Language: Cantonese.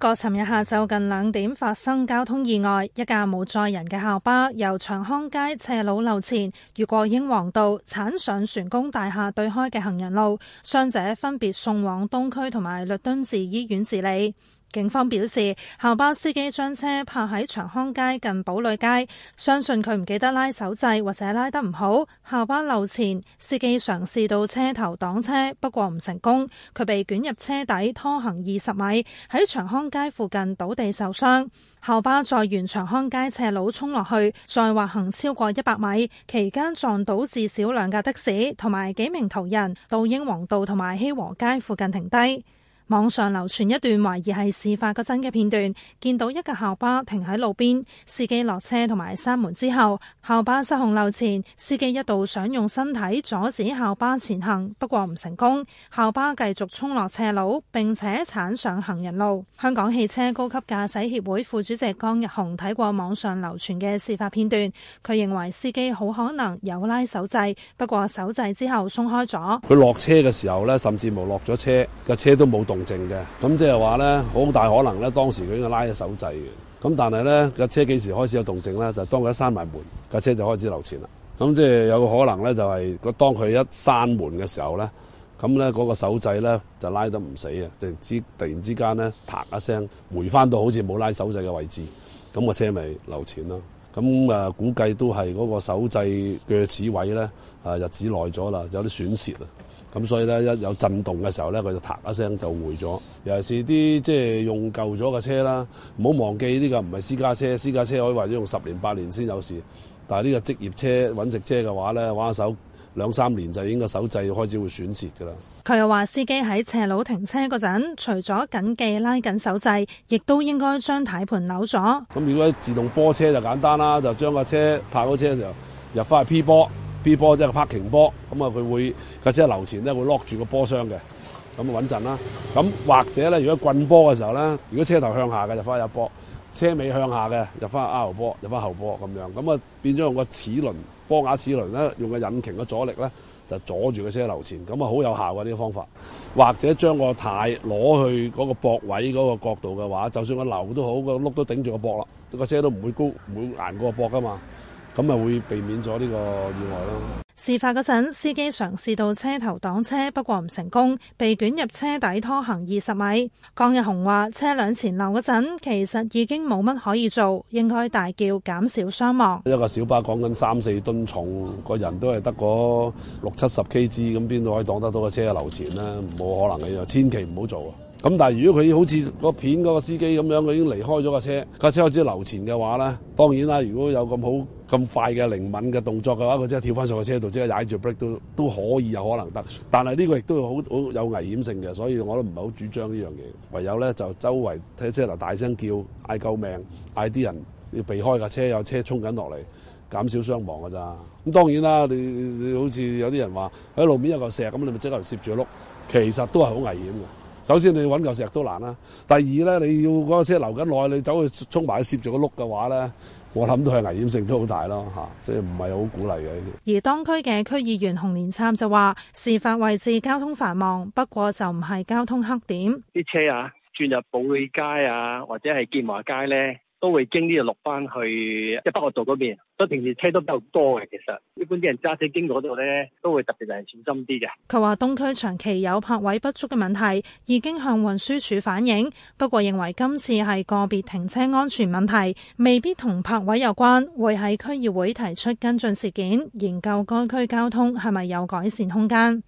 個尋日下晝近兩點發生交通意外，一架冇載人嘅校巴由長康街斜路溜前越過英皇道，鏟上船公大廈對開嘅行人路，傷者分別送往東區同埋律敦治醫院治理。警方表示，校巴司機將車泊喺長康街近堡壘街，相信佢唔記得拉手掣或者拉得唔好。校巴溜前，司機嘗試到車頭擋車，不過唔成功，佢被捲入車底拖行二十米，喺長康街附近倒地受傷。校巴再沿長康街斜路衝落去，再滑行超過一百米，期間撞到至少兩架的士同埋幾名途人，到英皇道同埋熙和街附近停低。網上流傳一段懷疑係事發嗰陣嘅片段，見到一個校巴停喺路邊，司機落車同埋閂門之後，校巴失控溜前，司機一度想用身體阻止校巴前行，不過唔成功，校巴繼續衝落斜路，並且鏟上行人路。香港汽車高級駕駛協會副主席江日雄睇過網上流傳嘅事發片段，佢認為司機好可能有拉手掣，不過手掣之後鬆開咗。佢落車嘅時候呢，甚至冇落咗車，架車都冇動。靜嘅，咁即係話咧，好大可能咧，當時佢已經拉咗手掣嘅。咁但係咧，架車幾時開始有動靜咧？就是、當佢一閂埋門，架車就開始流前啦。咁即係有個可能咧，就係、是、個當佢一閂門嘅時候咧，咁咧嗰個手掣咧就拉得唔死啊！突然之突然之間咧，啪一聲回翻到好似冇拉手掣嘅位置，咁、那個車咪流前咯。咁啊、呃，估計都係嗰個手掣鋸齒位咧，啊、呃、日子耐咗啦，有啲損蝕啊。咁所以咧，一有震動嘅時候咧，佢就嗒一聲就回咗。尤其是啲即係用舊咗嘅車啦，唔好忘記呢個唔係私家車，私家車可以話用十年八年先有事，但係呢個職業車揾食車嘅話咧，玩下手兩三年就已經個手掣開始會損蝕噶啦。佢又話：司機喺斜路停車嗰陣，除咗緊記拉緊手掣，亦都應該將軚盤扭咗。咁如果自動波車就簡單啦，就將個車泊好車嘅時候入翻去 P 波。B 波即係 parking 波，咁啊佢會架車溜前咧，會 lock 住個波箱嘅，咁穩陣啦。咁或者咧，如果棍波嘅時候咧，如果車頭向下嘅就翻入波，車尾向下嘅入翻 R 波，入後波，入翻後波咁樣，咁啊變咗用個齒輪波瓦齒輪咧，用個引擎嘅阻力咧就阻住個車溜前，咁啊好有效呢啲方法。或者將個軚攞去嗰個壆位嗰個角度嘅話，就算個溜都好，個碌都頂住個壆啦，車個車都唔會高，唔會捱過壆㗎嘛。咁咪會避免咗呢個意外咯。事發嗰陣，司機嘗試到車頭擋車，不過唔成功，被捲入車底拖行二十米。江日雄話，車輛前流嗰陣，其實已經冇乜可以做，應該大叫減少傷亡。一個小巴講緊三四噸重，個人都係得嗰六七十 Kg，咁邊度可以擋得到個車溜前呢？冇可能嘅，千祈唔好做。咁但係如果佢好似個片嗰個司機咁樣，佢已經離開咗個車，架車開始溜前嘅話咧，當然啦，如果有咁好、咁快嘅靈敏嘅動作嘅話，佢即刻跳翻上個車度，即刻踩住 brake 都都可以有可能得。但係呢個亦都好好有危險性嘅，所以我都唔係好主張呢樣嘢。唯有咧就周圍睇車頭大聲叫，嗌救命，嗌啲人要避開架車，有車衝緊落嚟，減少傷亡㗎咋。咁當然啦，你好似有啲人話喺路面有嚿石咁，你咪即刻嚟攝住個碌，其實都係好危險嘅。首先你揾嚿石都難啦，第二咧，你要嗰個車留咁耐，你走去衝埋去攝住個碌嘅話咧，我諗都係危險性都好大咯，吓，即係唔係好鼓勵嘅。而當區嘅區議員洪連參就話，事發位置交通繁忙，不過就唔係交通黑點。啲車啊，轉入保利街啊，或者係建華街咧。都會經呢度落翻去一北角道嗰邊，都平時車都比較多嘅。其實一般啲人揸車經過嗰度咧，都會特別令人小心啲嘅。佢話：東區長期有泊位不足嘅問題，已經向運輸署反映。不過認為今次係個別停車安全問題，未必同泊位有關，會喺區議會提出跟進事件，研究該區交通係咪有改善空間。